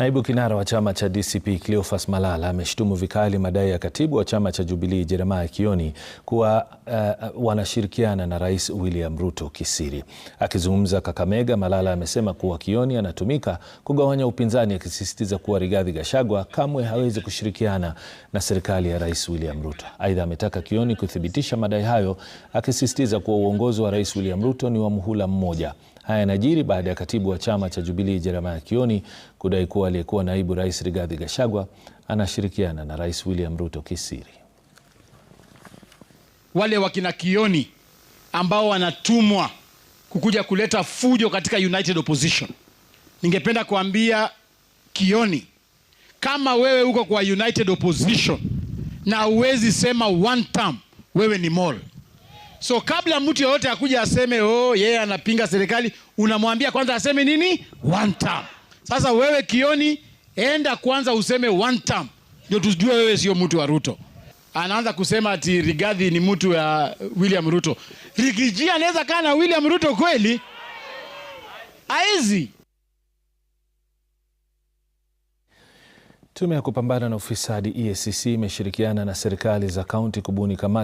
Naibu kinara wa chama cha DCP Cleophas Malala ameshtumu vikali madai ya katibu wa chama cha Jubilee Jeremiah Kioni kuwa uh, wanashirikiana na Rais William Ruto kisiri. Akizungumza Kakamega, Malala amesema kuwa Kioni anatumika kugawanya upinzani, akisisitiza kuwa Rigathi Gachagua kamwe hawezi kushirikiana na serikali ya Rais William Ruto. Aidha, ametaka Kioni kuthibitisha madai hayo, akisisitiza kuwa uongozi wa Rais William Ruto ni wa muhula mmoja. Haya yanajiri baada ya katibu wa chama cha Jubilee Jeremiah Kioni kudai kuwa aliyekuwa naibu rais Rigathi Gachagua anashirikiana na rais William Ruto kisiri. Wale wakina Kioni ambao wanatumwa kukuja kuleta fujo katika United Opposition, ningependa kuambia Kioni, kama wewe uko kwa United Opposition na huwezi sema one term, wewe ni mole. So kabla mtu yoyote akuja aseme oh, yeye yeah, anapinga serikali, unamwambia kwanza aseme nini, one term. Sasa wewe Kioni, enda kwanza useme one term, ndio tujue wewe sio mtu wa Ruto. Anaanza kusema ati Rigathi ni mtu wa William Ruto. Rigiji anaweza kaa na William Ruto kweli? Aizi. Tume ya kupambana na ufisadi EACC imeshirikiana na serikali za kaunti kubuni kamati